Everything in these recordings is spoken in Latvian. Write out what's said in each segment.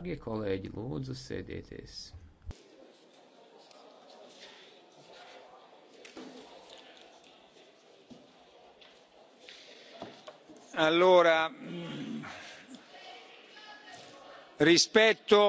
Darbie kolēģi, lūdzu, sēdieties! Allora, rispetto,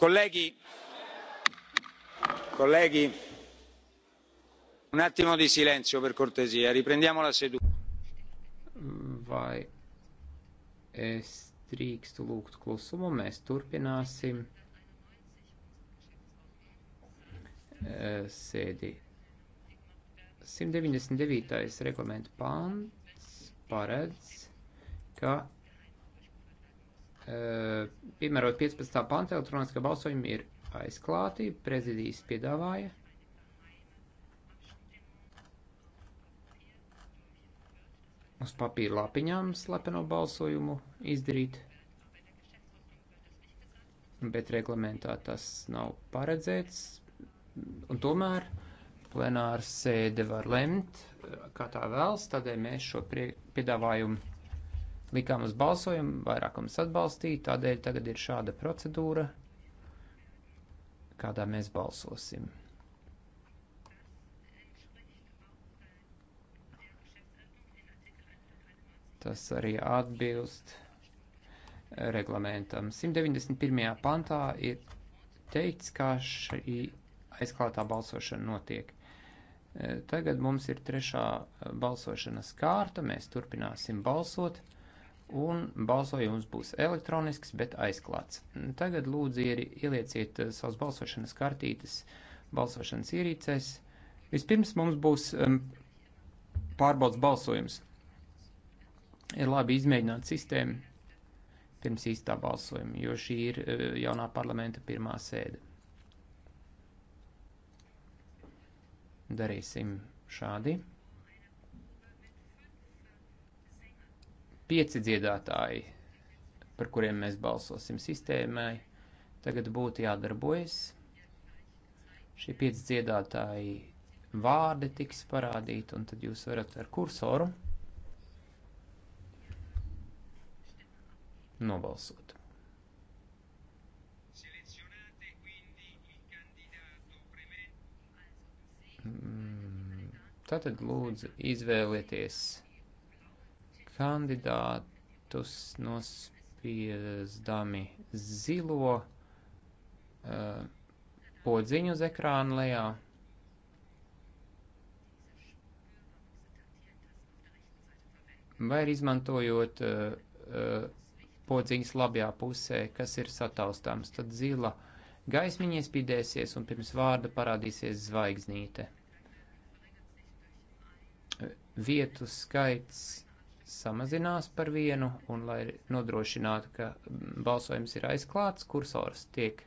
colleghi, colleghi, un attimo di silenzio per cortesia, riprendiamo la seduta. Vai. Es drīkstu lūgt klusumu, mēs turpināsim e, sēdi. 199. reglamentu pāns paredz, ka e, piemērot 15. pānta elektroniskā balsojuma ir aizklāti, prezidijas piedāvāja. Uz papīra lapiņām slepeno balsojumu izdarīt bet reglamentā tas nav paredzēts. Un tomēr plenāra sēde var lemt, eh, kā tā vēlas, tādēļ mēs šo piedāvājumu likām uz balsojumu, vairākums atbalstīja, tādēļ tagad ir šāda procedūra, kādā mēs balsosim. Tas arī atbilst reglamentam. 191. pantā ir teikts, kā šī aizklātā balsošana notiek. E, tagad mums ir trešā e, balsošanas kārta, mēs turpināsim balsot, un balsojums būs elektronisks, bet aizklāts. E, tagad lūdzu ielieciet savas balsošanas kartītes balsošanas ierīcēs. Vispirms mums būs pārbaudas balsojums. Ir labi izmēģināt sistēmu pirms īstā balsojuma, jo šī ir e, jaunā parlamenta pirmā sēde. Darīsim šādi. Pieci dziedātāji, par kuriem mēs balsosim sistēmai, tagad būtu jādarbojas. Šie pieci dziedātāji vārdi tiks parādīti, un tad jūs varat ar kursoru nobalsot. Mm, tātad lūdzu izvēlieties kandidātus nospiezdami zilo uh, podziņu uz ekrāna lejā. vai arī izmantojot uh, uh, podziņas labajā pusē, kas ir sataustāms, tad zila gaismiņa iespīdēsies un pirms vārda parādīsies zvaigznīte. Vietu skaits samazinās par vienu, un lai nodrošinātu, ka balsojums ir aizklāts, kursors tiek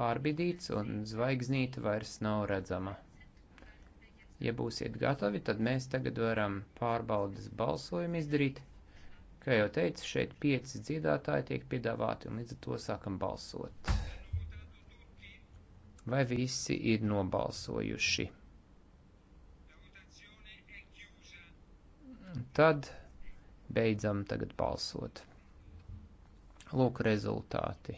pārbidīts un zvaigznīte vairs nav redzama. Ja būsiet gatavi, tad mēs tagad varam pārbaudas balsojumu izdarīt. Kā jau teicu, šeit pieci dziedātāji tiek piedāvāti un līdz ar to sākam balsot. Vai visi ir nobalsojuši? Tad beidzam tagad balsot. Lūk rezultāti.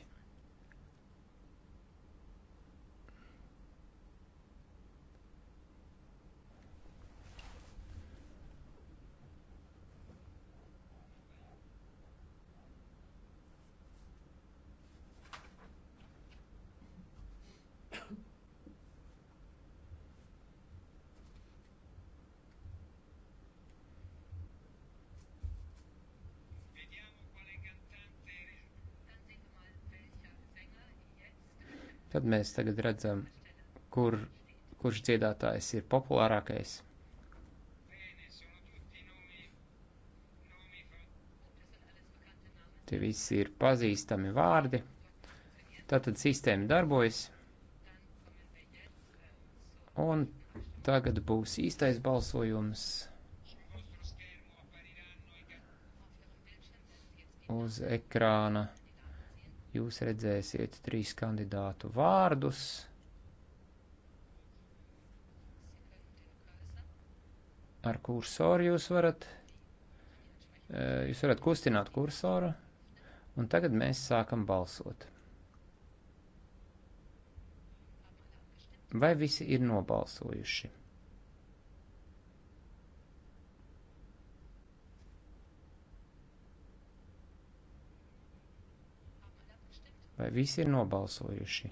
Tad mēs tagad redzam, kur, kurš dziedātājs ir populārākais. Tie visi ir pazīstami vārdi. Tātad sistēma darbojas. Un tagad būs īstais balsojums. Uz ekrāna Jūs redzēsiet trīs kandidātu vārdus. Ar kursoru jūs varat, eh, jūs varat kustināt kursoru, un tagad mēs sākam balsot. Vai visi ir nobalsojuši? Vai visi ir nobalsojuši?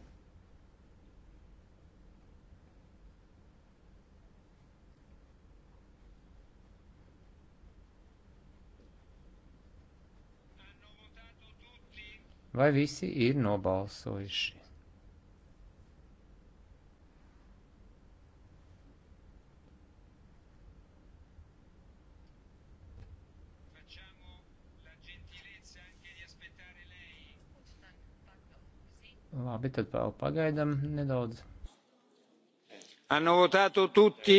Vai visi ir nobalsojuši? Labi, tad vēl pagaidam nedaudz. Hanno votato tutti?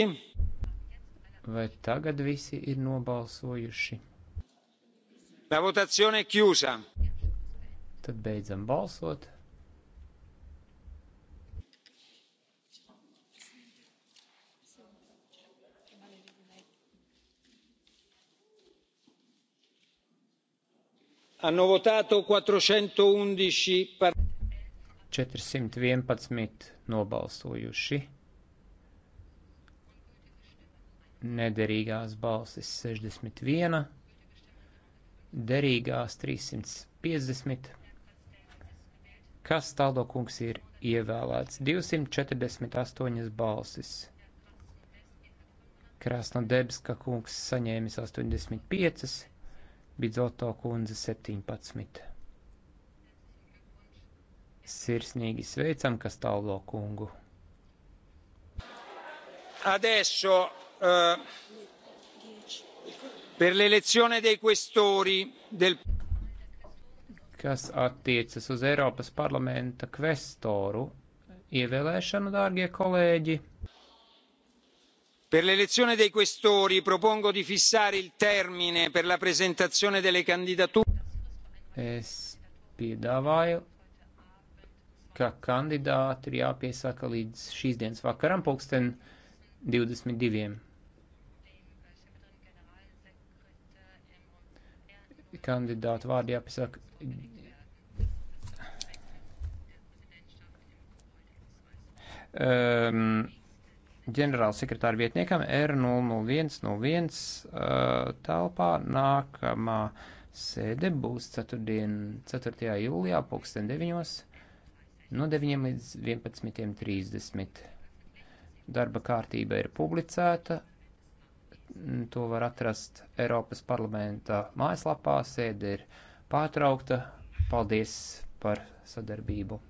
Vai tagad visi ir nobalsojuši? La votazione è chiusa. Tad beidzam balsot. hanno votato quattrocentoundici 411 nobalsojuši, nederīgās balsis 61, derīgās 350. Kas tāldo kungs ir ievēlēts? 248 balsis. Krasnodebska kungs saņēmis 85, Bidzoto kundze 17. Sirsnīgi sveicam Kastaldo kungu. Adesso uh, per l'elezione dei questori del kas attiecas uz Eiropas parlamenta kvestoru ievēlēšanu, dārgie kolēģi. Per l'elezione dei questori propongo di fissare il termine per la presentazione delle candidature. Es piedāvāju ka kandidāti ir jāpiesaka līdz šīs dienas vakaram, pulksten 22. Kandidātu vārdi jāpiesaka um, ģenerālsekretāra vietniekam R00101 uh, eh, telpā nākamā sēde būs ceturtdien 4. jūlijā pulksten 9 no 9 līdz 11.30. Darba kārtība ir publicēta. Mm, to var atrast Eiropas parlamenta mājaslapā. Sēde ir pārtraukta. Paldies par sadarbību!